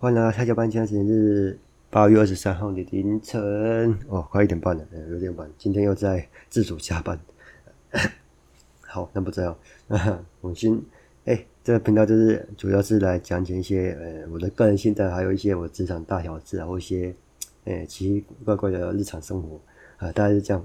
換了，大家好，現在是八月二十三號的凌晨哦，快一點半了，有點晚。今天又在自主加班， 好，那不這樣。我先，哎，這個頻道就是主要是來講解一些，呃，我的個人心得還有一些我職場大小事然後一些誒，奇奇怪怪的日常生活啊，大概是這樣。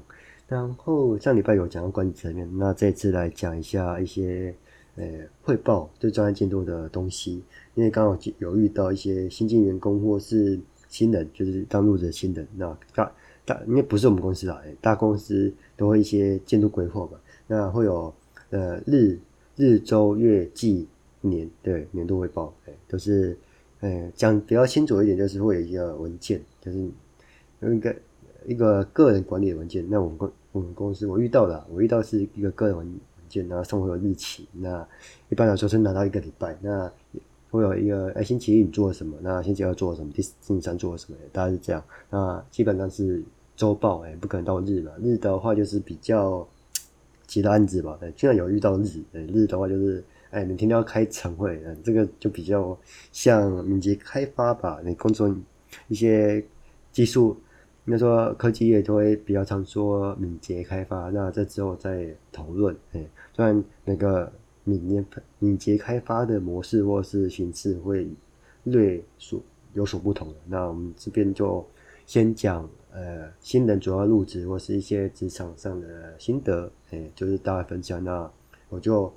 然後上禮拜有講到管理層面，那這次來講一下一些。呃，匯報就專案進度的東西，因為剛好有遇到一些新進員工或是新人，就是剛入職新人。那大大，因為不是我們公司啦，呃、大公司都會一些進度規劃嘛。那會有呃日、日、周、月、季、年，對年度匯報，哎、呃，都、就是哎、呃、講比較清楚一點，就是會有一個文件，就是一個一個個人管理的文件。那我們公我們公司，我遇到了，我遇到的是一個個人文。那生活有日期，那一般來說是拿到一個禮拜，那會有一個哎、欸、星期一你做了什麼，那星期二做什麼，第四星期三做什麼，大概是這樣。那基本上是週報，哎、欸，不可能到日了，日的話就是比較急的案子吧。居然有遇到日，日的話就是哎、欸、每天都要開晨會，嗯、欸，這個就比較像敏捷開發吧。你工作一些技術。那說科技業都會比較常說敏捷開發，那這之後再討論。哎，雖然那個敏捷敏捷開發的模式或是形式會略所有所不同的，那我們這邊就先講呃新人主要入職或是一些職場上的心得，哎，就是大家分享。那我就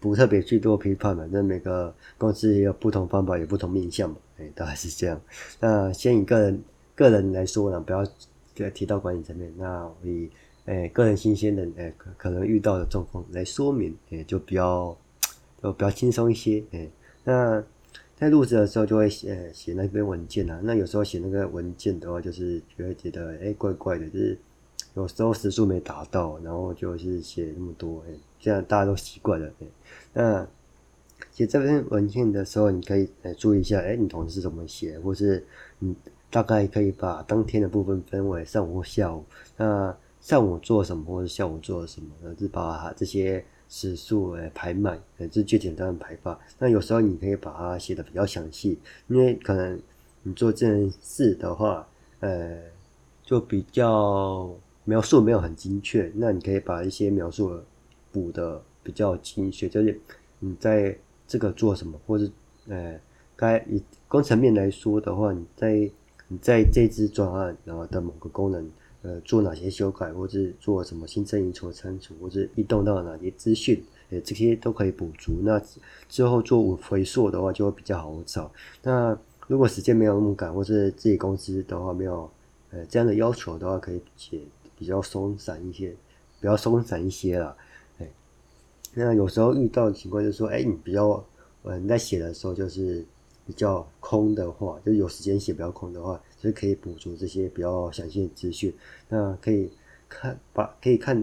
不特別去做批判了，那每個公司也有不同方法，有不同面向嘛，哎，大概是這樣。那先一個人。個人來說呢，不要提到管理層面，那以哎、欸、個人新鮮人、欸、可能遇到的狀況來說明，欸、就比較就比較輕鬆一些、欸、那在入職的時候就會寫寫、欸、那篇文件、啊、那有時候寫那個文件的話，就是覺得覺得、欸、怪怪的，就是有時候時數沒達到，然後就是寫那麼多哎，這樣、欸、大家都習慣了、欸、那寫這篇文件的時候，你可以注意一下、欸、你同事怎麼寫，或是你。嗯大概可以把當天的部分分為上午或下午。那上午做什麼，或者是下午做什麼？那就把這些時數、呃排滿，呃，是最簡單的排法。那有時候你可以把它寫的比較詳細，因為可能你做這件事的話，呃，就比較描述沒有很精確。那你可以把一些描述補的比較精確，就是你在這個做什麼，或者呃，該以工程面來說的話，你在你在這支專案，然後的某個功能，呃，做哪些修改，或是做什麼新增、移除、刪除，或是移動到哪些資訊，呃，這些都可以補足。那之後做回溯的話，就會比較好找。那如果時間沒有那麼趕，或是自己公司的話沒有，呃，這樣的要求的話，可以寫比較鬆散一些，比較鬆散一些了。哎，那有時候遇到的情況就是說，哎，你比較，呃，你在寫的時候就是。比較空的話，就有時間寫；比較空的話，就是可以補足這些比較詳細的資訊。那可以看，把可以看，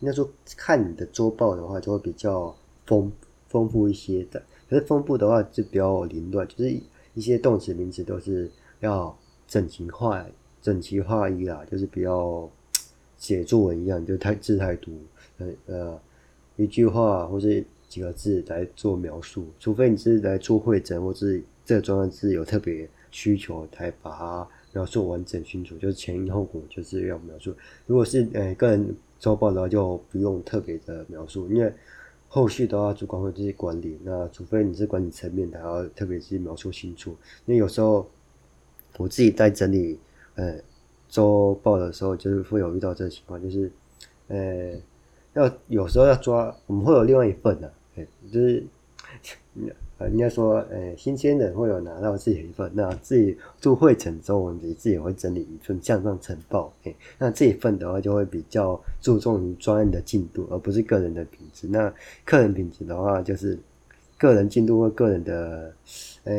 應該說看你的周報的話，就會比較豐豐富一些的。可是豐富的話就比較凌亂，就是一些動詞、名詞都是要整齊劃整齊劃一啦，就是比較寫作文一樣，就太字太多，呃、嗯、呃，一句話或是幾個字來做描述，除非你是來做匯整，或是。這個專案是有特別需求，才把它描述完整清楚，就是前因後果，就是要描述。如果是呃個人週報的話，就不用特別的描述，因為後續的話主管會自己管理。那除非你是管理層面的，要特別是描述清楚。因為有時候我自己在整理呃週報的時候，就是會有遇到這情況，就是呃要有時候要抓，我們會有另外一份的，啊欸，就是。 應該說，呃、哎，新鮮人會有拿到自己一份。那自己做會診之後，你自己也會整理一份向上呈報。哎、那這一份的話，就會比較注重於專案的進度，而不是個人的品質。那個人品質的話，就是個人進度或個人的呃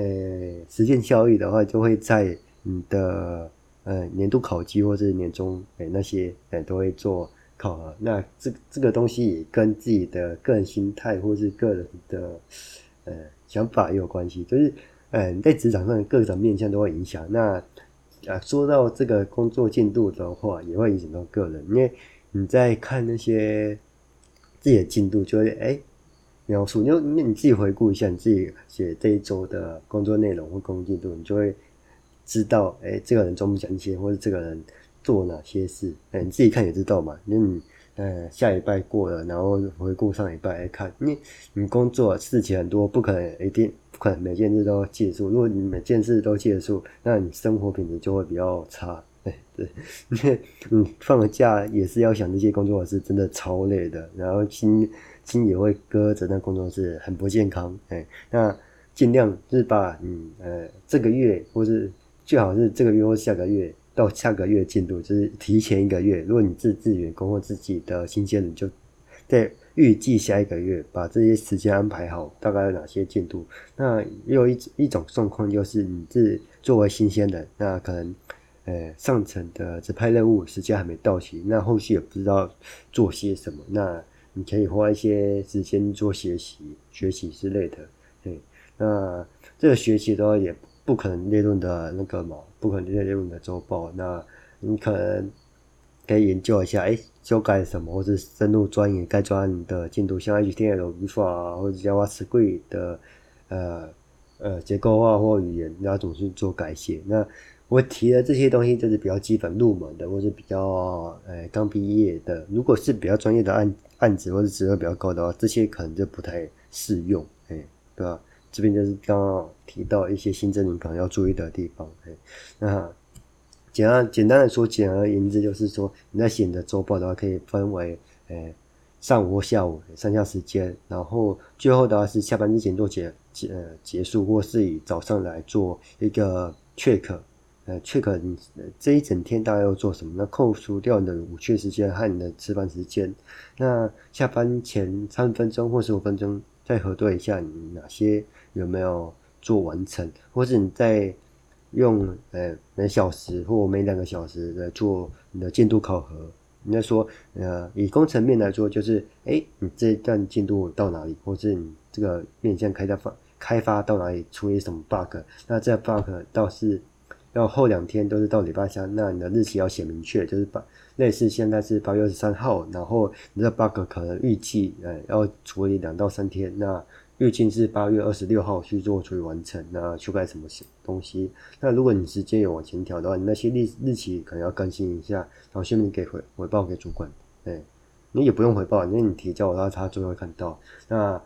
實踐效益的話，就會在你的呃、哎、年度考績或是年終誒、哎、那些誒、哎、都會做考核。那這這個東西也跟自己的個人心態或是個人的。嗯、想法也有關係，就是，嗯，在職場上各種面向都會影響。那，啊，說到這個工作進度的話，也會影響到個人，因為你在看那些自己的進度，就會誒、欸、描述，那那你自己回顧一下你自己寫這一周的工作內容或工作進度，你就會知道，誒、欸，這個人專不專心，或者這個人做哪些事，哎、欸，你自己看也知道嘛。那你。呃、嗯，下禮拜過了，然後回顧上禮拜來看。你你工作事情很多，不可能，一定不可能每件事都記得住。如果你每件事都記得住，那你生活品質就會比較差。對對，你、嗯、放了假也是要想這些工作事，真的超累的。然後心心也會擱着那工作事，很不健康。哎，那盡量是把嗯呃這個月，或是最好是這個月或是下個月。到下個月進度就是提前一個月。如果你自自員工或自己的新鮮人，就在預計下一個月把這些時間安排好，大概有哪些進度。那又一一種狀況就是，你是作為新鮮人，那可能呃、欸、上層的指派任務時間還沒到期，那後續也不知道做些什麼。那你可以花一些時間做學習、學習之類的。對，那這個學習的話，也不可能列入的那個嘛。不可能在用你的周報，那你可能可以研究一下，哎、欸，修改什麼，或是深入鑽研該專案的進度，像 HTML 的語法、啊、或者 Java 詞彙的，呃、呃、結構化或語言，然後重新做改寫。那我提的這些東西，就是比較基本入門的，或是比較呃剛畢業的。如果是比較專業的案、案子，或是職位比較高的話，這些可能就不太適用，哎、欸，對吧、啊？這邊就是剛剛提到一些新鮮人可能要注意的地方。哎，那簡要簡單的說，簡而言之就是說，你在寫你的周報的話，可以分為，上午或下午上下時間，然後最後的話是下班之前做結結、呃、結束，或是以早上來做一個 check，呃，check 你這一整天大概要做什麼？那扣除掉你的午睡時間和你的吃飯時間，那下班前三分鐘或十五分鐘。再核對一下你哪些有沒有做完成，或是你在用呃每小時或每兩個小時的做你的進度考核。你要說呃以工程面來說，就是哎你這段進度到哪裡，或是你這個面向開發發開發到哪裡，出一些什麼 bug？那這 bug 倒是。然後後兩天都是到禮拜三，那你的日期要寫明確，就是把，類似現在是八月二十三號，然後你的 bug 可能預計，哎，要處理兩到三天，那預計是八月二十六號去做，處理完成，那修改什麼東西？那如果你時間有往前調的話，你那些日日期可能要更新一下，然後順便給回回報給主管，哎，你也不用回報，因為你提交了，他他就會看到。那，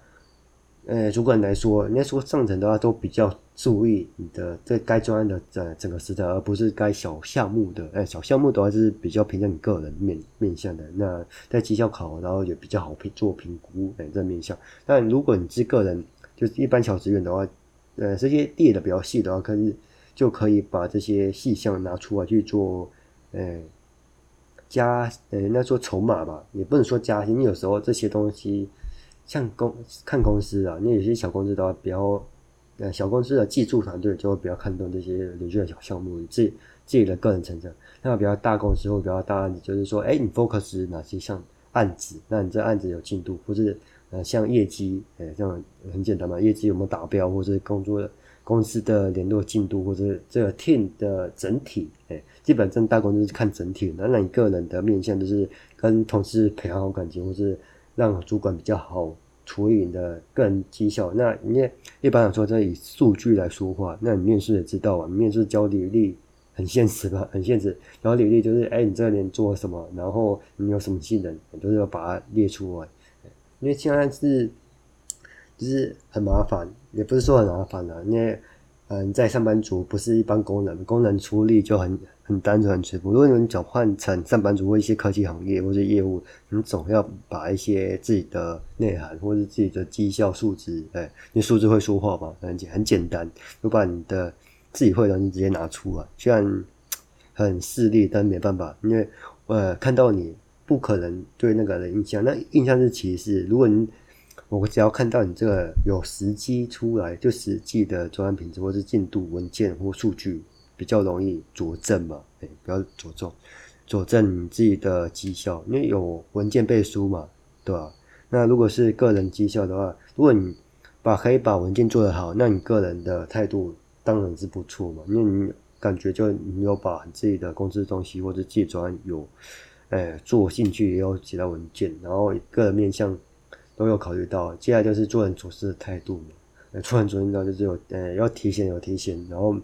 哎，主管來說，人家說上層的話都比較。注意你的在該專案的整整個時代，而不是該小項目的。哎、欸，小項目的話是比較偏向你個人面面向的。那在績效考核，然後也比較好評做評估等、欸、這個、面向。但如果你是個人，就是一般小職員的話，呃、欸，這些列的比較細的話，可是就可以把這些細項拿出來去做，哎、欸，加，哎、欸，那說籌碼吧，也不能說加，因為有時候這些東西，像公看公司啊，你有些小公司的話比較。呃，小公司的技術團隊就會比較看重這些零碎的小項目，自己自己的個人成長。那比較大公司會比較大案子，就是說，哎、欸，你 focus 哪些像案子？那你這案子有進度，或是呃，像業績，哎、欸，這樣很簡單嘛？業績有沒有達標，或是工作公司的聯絡進度，或者這個 team 的整體，哎、欸，基本上大公司是看整體，那那你個人的面向就是跟同事培養好感情，或是讓主管比較好，除以你的個人績效，那你也一般來說，這以數據來說話。那你面試也知道啊，你面試交履歷很現實吧？很現實，然後履歷就是，哎、欸，你這年做什麼，然後你有什麼技能，你就是要把它列出來。因為現在是，就是很麻煩，也不是說很麻煩了、啊，因為，嗯，在上班族不是一般工人，工人出力就很。很單純、很直白。如果你轉換成上班族或一些科技行業或者業務，你總要把一些自己的內涵或者自己的績效數值，哎，那數字會說話吧？很簡、很簡單，就把你的自己會的東西直接拿出來。雖然很勢利，但沒辦法，因為呃，看到你不可能對那個人印象。那印象是其次。如果你我只要看到你這個有實機出來，就實際的專項品質或是進度文件或數據。比較容易佐證嘛，哎、欸，比較著重，佐證你自己的績效，因為有文件背書嘛，對吧、啊？那如果是個人績效的話，如果你把可以把文件做得好，那你個人的態度當然是不錯嘛，因為你感覺就你有把你自己的公司東西或者寄轉有，哎、欸，做進去也有其他文件，然後你個人面向都有考慮到。接下來就是做人做事的態度嘛，欸、做人做事態度就是有，誒、欸、要提醒有提醒，然後。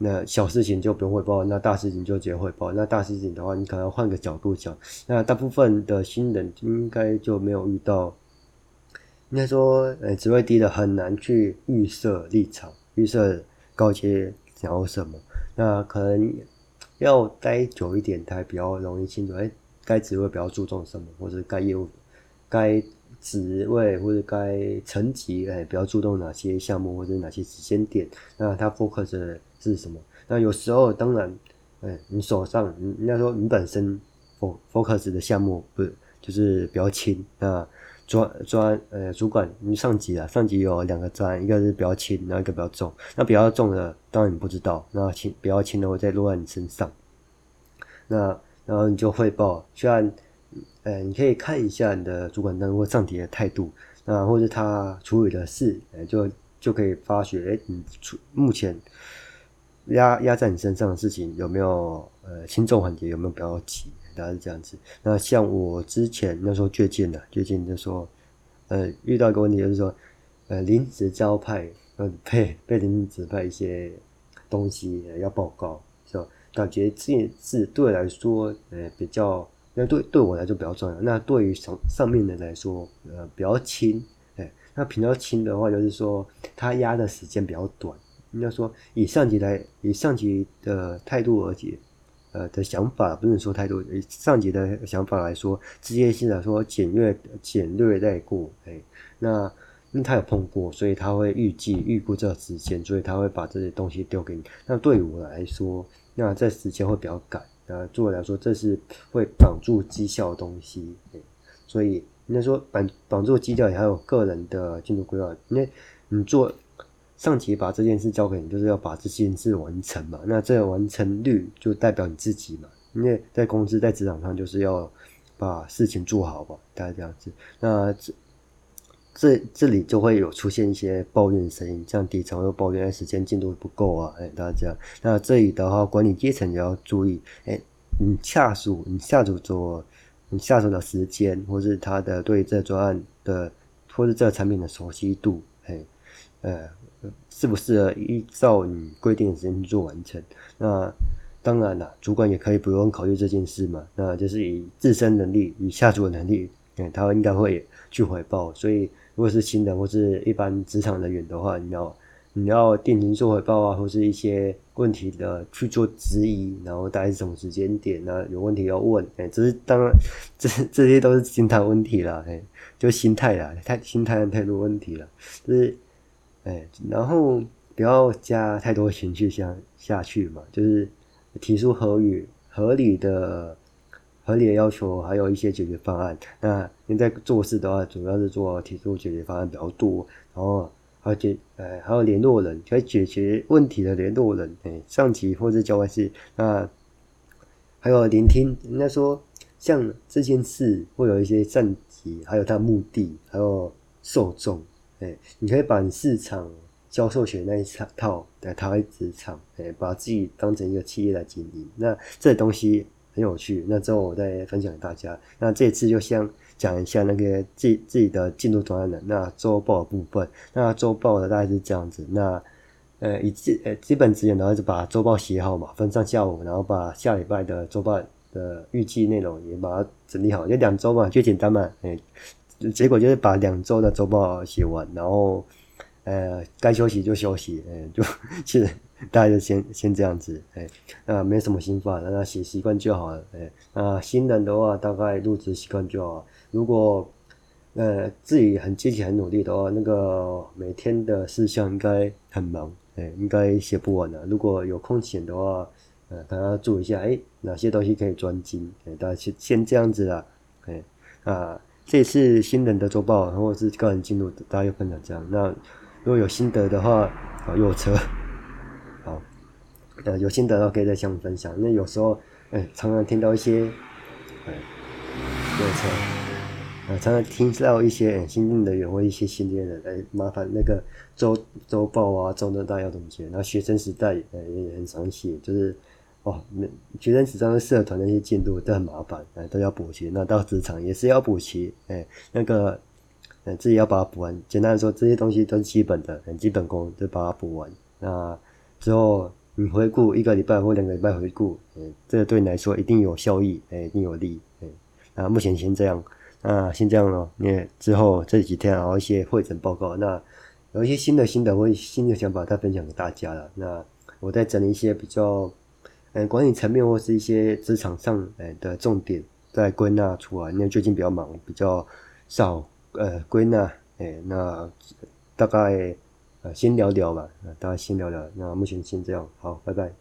那小事情就不用匯報，那大事情就直接匯報。那大事情的話，你可能要換個角度講。那大部分的新人應該就沒有遇到，應該說，呃，職位低的很難去預設立場，預設高階想要什麼。那可能要待久一點，才比較容易清楚。哎，該職位比較注重什麼，或者該業務該職位或者該層級，哎，比較注重哪些項目或者哪些時間點。那他 focus。是什麼？那有時候當然，哎、欸，你手上，人家說你本身，fo focus 的項目不就是比較輕啊？專專呃，主管你上級啊，上級有兩個專，一個是比較輕，然後一個比較重。那比較重的當然你不知道，那輕比較輕的會再落在你身上。那然後你就匯報，雖然，呃、欸，你可以看一下你的主管、單位、上級的態度，那或者他處理的事，哎，就就可以發覺，哎、欸，你出目前。壓壓在你身上的事情有沒有呃輕重緩急？有沒有比較急？大概是這樣子。那像我之前那時候最近呢，最近就說，呃，遇到一個問題就是說，呃，臨時交派，呃，被被臨時派一些東西、呃、要報告，是吧？感覺這是對我來說，呃，比較那對對我來說比較重要。那對於上上面的人來說，呃，比較輕，哎、呃，那比較輕的話，就是說他壓的時間比較短。應該說，以上級來，以上級的態度而且，呃的想法不能說太多，以上級的想法來說，直接性來說簡略簡略帶過。哎，那因為他有碰過，所以他會預計預估這個時間，所以他會把這些東西丟給你。那對於我來說，那這時間會比較趕。那對我來說，這是會綁住績效的東西。哎，所以應該說綁綁住績效，還有個人的進度規劃，因為你做。上級把這件事交給你，就是要把這件事完成嘛。那這個完成率就代表你自己嘛，因為在公司、在職場上，就是要把事情做好吧，大家這樣子。那這這這裡就會有出現一些抱怨的聲音，像底層又抱怨時間進度不夠啊，哎，大家這樣。那這裡的話，管理階層也要注意，哎、欸，你下屬你下屬做你下屬的時間，或是他的對這專案的或者這個產品的熟悉度，哎、欸，呃。適不適合依照你規定的時間去做完成？那當然了，主管也可以不用考慮這件事嘛。那就是以自身能力、以下屬的能力，哎、欸，他應該會去回報。所以，如果是新人或是一般職場人員的話，你要你要定期做回報啊，或是一些問題的去做質疑，然後大概是什麼時間點呢、啊，有問題要問。誒、欸，這是當然，這這些都是心態問題了。誒、欸，就心態啦，太心態太多問題了，就是。哎，然後不要加太多情緒下下去嘛，就是提出合理合理的合理的要求，還有一些解決方案。那你在做事的話，主要是做提出解決方案比較多，然後而且呃還有聯絡人，可以解決問題的聯絡人，哎，上級或者交關係。那還有聆聽，應該說像這件事會有一些上級，還有他的目的，還有受眾。哎、欸，你可以把你市場銷售學那一套套在職場，哎、欸，把自己當成一個企業來經營。那這東西很有趣。那之後我再分享給大家。那這次就先講一下那個自己自己的進度專案那的那週報部分。那週報的大概是這樣子。那呃、欸，以基呃、欸、基本指引，然後就把週報寫好嘛，分上下午，然後把下禮拜的週報的預計內容也把它整理好，就兩周嘛，最簡單嘛，哎、欸。結果就是把兩周的周報寫完，然後，呃，該休息就休息，嗯、哎，就其實大家就先先這樣子，哎，啊、呃，沒什麼心法，大家寫習慣就好了，哎，啊、呃，新人的話大概入職習慣就好，如果，呃，自己很積極很努力的話，那個每天的事項應該很忙，哎，應該寫不完了、啊、如果有空閒的話，呃，大家注意一下，誒、哎、哪些東西可以專精，哎，大家先先這樣子啦，哎，啊、呃。這次新人的週報，或者是個人進入，大家又分享這樣。那如果有心得的話，好又有車，好，呃，有心得的話可以再相互分享。那有時候，誒，常常聽到一些，有車，常常聽到一些誒新進的人，或一些新進的，哎，麻煩那個週週報啊，週的大家要怎麼寫？然後學生時代，呃，也很常寫，就是。哦，那學生時代的社團那些進度都很麻煩、欸，都要補齊。那到職場也是要補齊，哎、欸，那個，嗯、欸，自己要把它補完。簡單說，這些東西都是基本的，很、欸、基本功，就把它補完。那之後你回顧一個禮拜或兩個禮拜回顧，嗯、欸，這個、對你來說一定有效益，哎、欸，一定有利益、欸，那目前先這樣，那先這樣咯。你、欸、之後這幾天熬一些會診報告，那有一些新的新的或新的想法，再分享給大家了。那我再整理一些比較。嗯，管理層面或是一些職場上，哎、欸、的重點在歸納出來。因為最近比較忙，比較少呃歸納，哎、欸，那大概、呃、先聊聊吧、呃，大家先聊聊，那目前先這樣，好，拜拜。